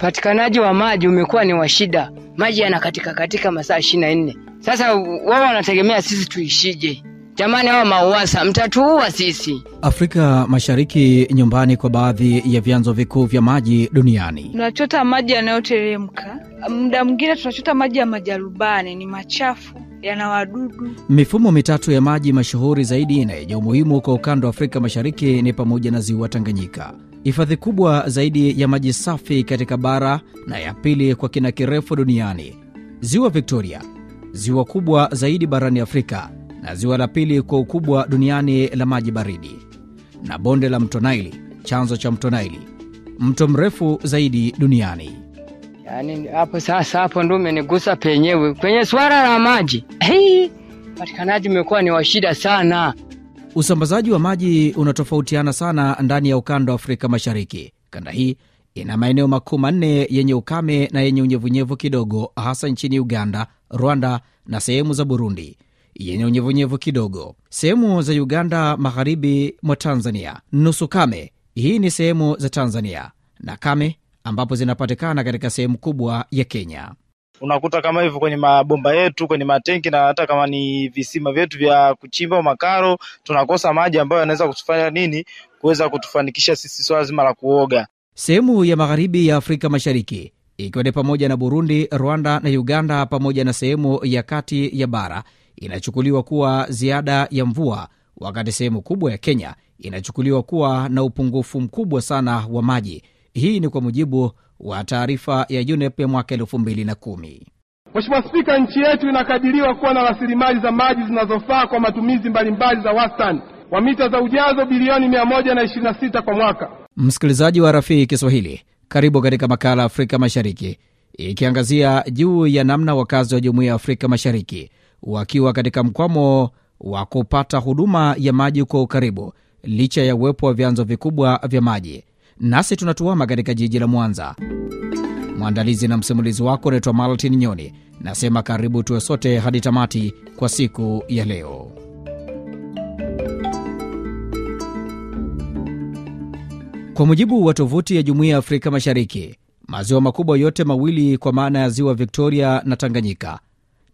upatikanaji wa maji umekuwa ni wa shida, maji yanakatika katika masaa ishirini nne. Sasa wao wanategemea sisi tuishije? Jamani, hawa mauasa mtatuua sisi. Afrika Mashariki nyumbani kwa baadhi ya vyanzo vikuu vya maji duniani. Tunachota maji yanayoteremka, muda mwingine tunachota maji ya majarubani, ni machafu yana wadudu. Mifumo mitatu ya maji mashuhuri zaidi na yenye umuhimu kwa ukanda wa Afrika Mashariki ni pamoja na ziwa Tanganyika, hifadhi kubwa zaidi ya maji safi katika bara na ya pili kwa kina kirefu duniani, ziwa Victoria, ziwa kubwa zaidi barani Afrika na ziwa la pili kwa ukubwa duniani la maji baridi, na bonde la mto Naili, chanzo cha mto Naili, mto mrefu zaidi duniani. Yaani hapo sasa, hapo ndio umenigusa penyewe kwenye swala la maji. Hei, patikanaji umekuwa ni wa shida sana. Usambazaji wa maji unatofautiana sana ndani ya ukanda wa Afrika Mashariki. Kanda hii ina maeneo makuu manne yenye ukame na yenye unyevunyevu kidogo, hasa nchini Uganda, Rwanda na sehemu za Burundi yenye unyevunyevu kidogo, sehemu za Uganda magharibi mwa Tanzania nusu kame. Hii ni sehemu za Tanzania na kame ambapo zinapatikana katika sehemu kubwa ya Kenya. Unakuta kama hivyo kwenye mabomba yetu, kwenye matenki na hata kama ni visima vyetu vya kuchimba makaro, tunakosa maji ambayo yanaweza kutufanya nini, kuweza kutufanikisha sisi swala zima la kuoga. Sehemu ya magharibi ya Afrika Mashariki ikiwa ni pamoja na Burundi, Rwanda na Uganda, pamoja na sehemu ya kati ya bara inachukuliwa kuwa ziada ya mvua, wakati sehemu kubwa ya Kenya inachukuliwa kuwa na upungufu mkubwa sana wa maji hii ni kwa mujibu wa taarifa ya UNEP ya mwaka elfu mbili na kumi. Mheshimiwa Spika, nchi yetu inakadiriwa kuwa na rasilimali za maji zinazofaa kwa matumizi mbalimbali za wastani wa mita za ujazo bilioni sita kwa mwaka. Msikilizaji wa Rafii Kiswahili, karibu katika makala Afrika Mashariki ikiangazia juu ya namna wakazi wa Jumuiya ya Afrika Mashariki wakiwa katika mkwamo wa kupata huduma ya maji kwa ukaribu licha ya uwepo wa vyanzo vikubwa vya maji nasi tunatuama katika jiji la Mwanza. Mwandalizi na msimulizi wako unaitwa Maltin Nyoni. Nasema karibu tuwe sote hadi tamati kwa siku ya leo. Kwa mujibu wa tovuti ya Jumuiya ya Afrika Mashariki, maziwa makubwa yote mawili kwa maana ya ziwa Victoria na Tanganyika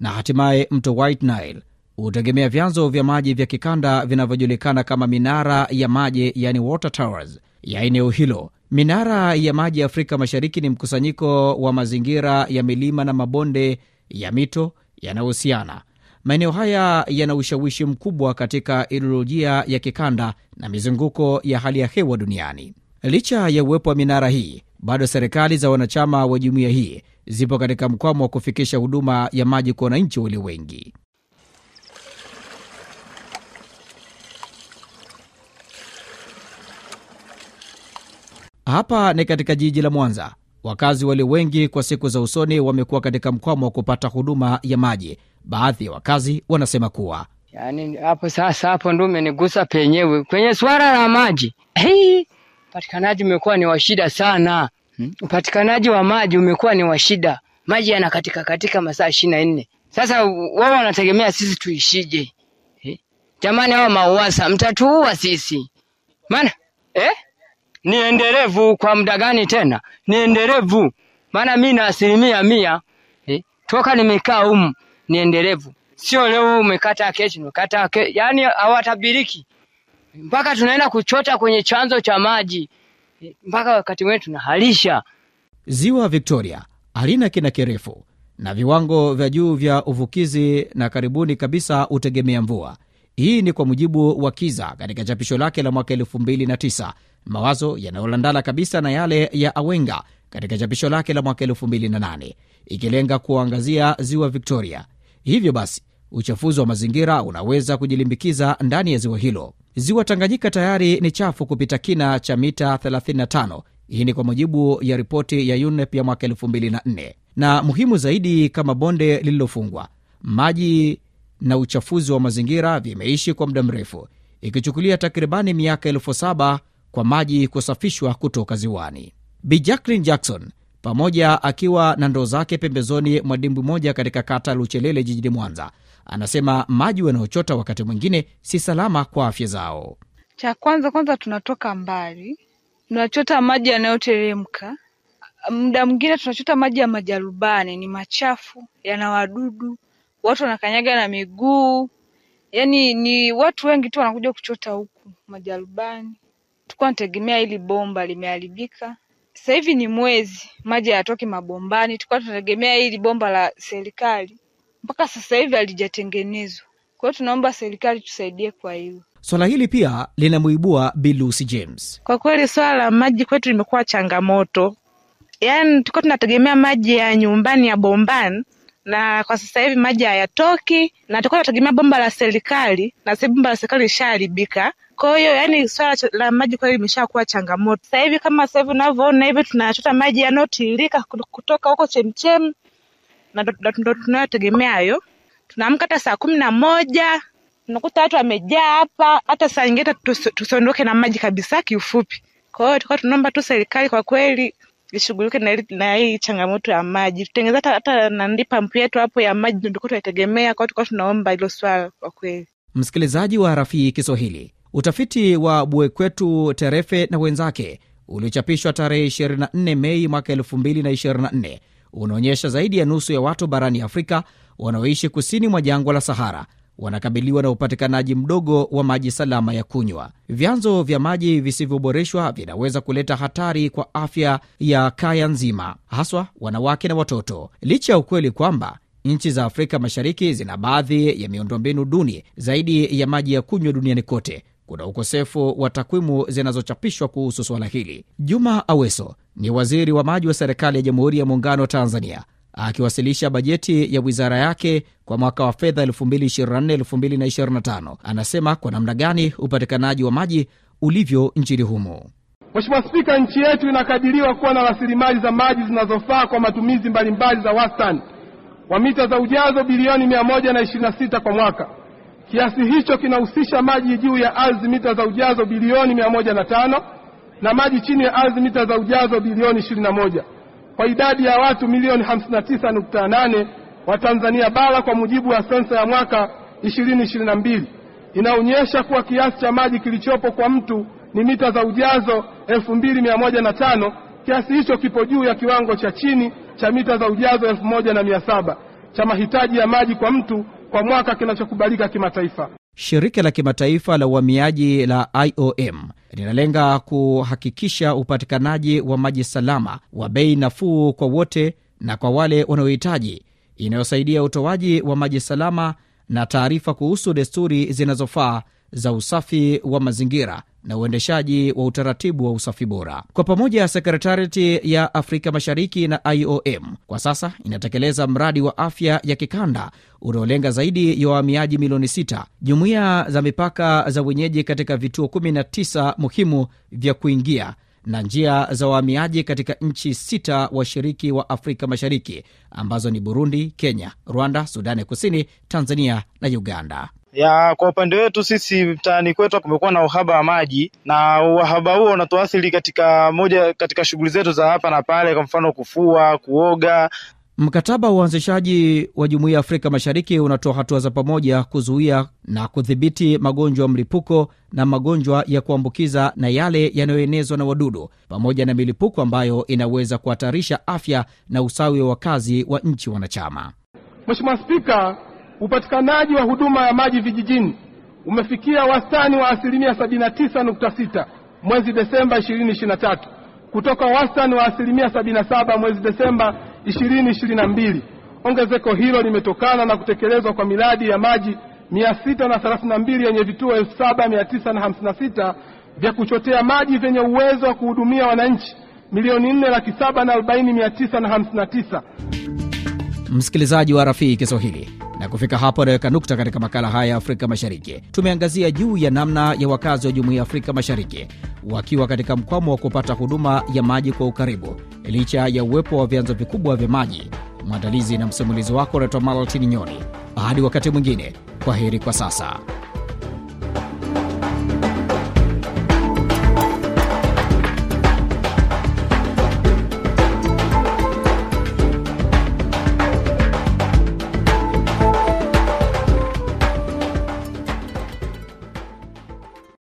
na hatimaye mto White Nile hutegemea vyanzo vya maji vya kikanda vinavyojulikana kama minara ya maji, yani water towers, ya eneo hilo. Minara ya maji ya Afrika Mashariki ni mkusanyiko wa mazingira ya milima na mabonde ya mito yanayohusiana. Maeneo haya yana ushawishi mkubwa katika idolojia ya kikanda na mizunguko ya hali ya hewa duniani. Licha ya uwepo wa minara hii, bado serikali za wanachama wa jumuiya hii zipo katika mkwamo wa kufikisha huduma ya maji kwa wananchi walio wengi. Hapa ni katika jiji la Mwanza. Wakazi walio wengi kwa siku za usoni wamekuwa katika mkwamo wa kupata huduma ya maji. Baadhi ya wakazi wanasema kuwa yaani, hapo sasa, hapo ndo umenigusa penyewe kwenye swara la maji. Hei, upatikanaji umekuwa ni wa sana hmm? Upatikanaji wa maji umekuwa ni washida maji yanakatika katika masaa ishiri na nne. Sasa wao wanategemea sisi tuishije? Jamani, hawa mauasa mtatuua sisi, mana eh? ni endelevu kwa muda gani tena? Ni endelevu maana mimi na asilimia mia eh, toka nimekaa humu ni endelevu, sio leo umekata kesho umekata kesho, yani hawatabiriki mpaka tunaenda kuchota kwenye chanzo cha maji eh, mpaka wakati wetu tunahalisha. Ziwa Victoria halina kina kirefu na viwango vya juu vya uvukizi na karibuni kabisa hutegemea mvua. Hii ni kwa mujibu wa Kiza katika chapisho lake la mwaka elu29 mawazo yanayolandala kabisa na yale ya Awenga katika chapisho lake la mwaka el28 ikilenga kuangazia ziwa Victoria. Hivyo basi uchafuzi wa mazingira unaweza kujilimbikiza ndani ya ziwa hilo. Ziwa Tanganyika tayari ni chafu kupita kina cha mita 35. Hii ni kwa mujibu ya ripoti ya UNEP ya mwaka 2004, na muhimu zaidi, kama bonde lililofungwa, maji na uchafuzi wa mazingira vimeishi kwa muda mrefu, ikichukulia takribani miaka elfu saba kwa maji kusafishwa kutoka ziwani. Bi Jackson pamoja akiwa na ndoo zake pembezoni mwa dimbwi moja katika kata Luchelele jijini Mwanza, anasema maji wanaochota wakati mwingine si salama kwa afya zao. Cha kwanza kwanza, tunatoka mbali, tunachota maji yanayoteremka. Muda mwingine tunachota maji ya majarubani, ni machafu, yana wadudu watu wanakanyaga na miguu, yaani ni watu wengi tu wanakuja kuchota huku majarubani. Tulikuwa tunategemea hili bomba limeharibika, sasa hivi ni mwezi maji hayatoki mabombani. Tulikuwa tunategemea hili bomba la serikali, mpaka sasa hivi halijatengenezwa. Kwa hiyo tunaomba serikali tusaidie kwa hilo. Swala hili pia linamuibua Bi Lucy James. Kwa kweli swala la maji kwetu limekuwa changamoto, yaani tulikuwa tunategemea maji ya nyumbani ya bombani na kwa sasa hivi maji hayatoki, na tulikuwa tunategemea bomba la serikali, na sasa bomba la serikali lishaharibika. Kwa hiyo yani, swala la maji kweli limeshakuwa changamoto sasa hivi. Kama sasa hivi unavyoona hivi, tunachota maji yanayotiririka kutoka huko chemchem, na ndo tunayotegemea hayo. Tunaamka hata saa kumi na moja unakuta watu wamejaa hapa, hata saa nyingine tusiondoke na maji kabisa, kiufupi. Kwa hiyo tulikuwa tunaomba tu serikali kwa kweli lishughulike na, na hii changamoto ya maji. Tutengeneza hata nandi pampu yetu hapo ya maji tulikuwa tunaitegemea, kwa tulikuwa tunaomba hilo swala kwa kweli. Msikilizaji wa Rafii Kiswahili, utafiti wa buekwetu Terefe na wenzake uliochapishwa tarehe 24 Mei mwaka 2024 unaonyesha zaidi ya nusu ya watu barani Afrika wanaoishi kusini mwa jangwa la Sahara wanakabiliwa na upatikanaji mdogo wa maji salama ya kunywa. Vyanzo vya maji visivyoboreshwa vinaweza kuleta hatari kwa afya ya kaya nzima, haswa wanawake na watoto, licha ya ukweli kwamba nchi za Afrika Mashariki zina baadhi ya miundombinu duni zaidi ya maji ya kunywa duniani kote. Kuna ukosefu wa takwimu zinazochapishwa kuhusu swala hili. Juma Aweso ni waziri wa maji wa serikali ya Jamhuri ya Muungano wa Tanzania akiwasilisha bajeti ya wizara yake kwa mwaka wa fedha 2024-2025 anasema kwa namna gani upatikanaji wa maji ulivyo nchini humo. Mheshimiwa Spika, nchi yetu inakadiriwa kuwa na rasilimali za maji zinazofaa kwa matumizi mbalimbali za wastani wa mita za ujazo bilioni 126 kwa mwaka. Kiasi hicho kinahusisha maji juu ya ardhi mita za ujazo bilioni 105 na maji chini ya ardhi mita za ujazo bilioni 21 kwa idadi ya watu milioni 59.8 wa Tanzania bara kwa mujibu wa sensa ya mwaka 2022 inaonyesha kuwa kiasi cha maji kilichopo kwa mtu ni mita za ujazo 2105. Kiasi hicho kipo juu ya kiwango cha chini cha mita za ujazo 1700 cha mahitaji ya maji kwa mtu kwa mwaka kinachokubalika kimataifa. Shirika la kimataifa la uhamiaji la IOM linalenga kuhakikisha upatikanaji wa maji salama wa bei nafuu kwa wote na kwa wale wanaohitaji, inayosaidia utoaji wa maji salama na taarifa kuhusu desturi zinazofaa za usafi wa mazingira na uendeshaji wa utaratibu wa usafi bora. Kwa pamoja, sekretariti ya Afrika Mashariki na IOM kwa sasa inatekeleza mradi wa afya ya kikanda unaolenga zaidi ya wahamiaji milioni st jumuiya za mipaka za wenyeji katika vituo 19 muhimu vya kuingia na njia za wahamiaji katika nchi sita washiriki wa Afrika Mashariki ambazo ni Burundi, Kenya, Rwanda, Sudani Kusini, Tanzania na Uganda ya kwa upande wetu sisi mtaani kwetu kumekuwa na uhaba wa maji, na uhaba huo unatuathiri katika moja katika shughuli zetu za hapa na pale, kwa mfano kufua, kuoga. Mkataba wa uanzishaji wa Jumuiya ya Afrika Mashariki unatoa hatua za pamoja kuzuia na kudhibiti magonjwa ya mlipuko na magonjwa ya kuambukiza na yale yanayoenezwa na wadudu pamoja na milipuko ambayo inaweza kuhatarisha afya na usawi wa wakazi wa nchi wanachama. Mheshimiwa Spika, upatikanaji wa huduma ya maji vijijini umefikia wastani wa asilimia 79.6 mwezi Desemba tatu kutoka wastani wa asilimia 77 mwezi Desemba mbili. Ongezeko hilo limetokana na kutekelezwa kwa miradi ya maji mbili yenye vituo 7956 vya kuchotea maji vyenye uwezo wa kuhudumia wananchi milioni 4 laki saba na 40 tisa msikilizaji wa Rafii Kiswahili, na kufika hapo anaweka nukta katika makala haya ya Afrika Mashariki. Tumeangazia juu ya namna ya wakazi wa Jumuiya ya Afrika Mashariki wakiwa katika mkwamo wa kupata huduma ya maji kwa ukaribu licha ya uwepo wa vyanzo vikubwa vya maji. Mwandalizi na msimulizi wako unaitwa Malatini Nyoni. Hadi wakati mwingine, kwa heri kwa sasa.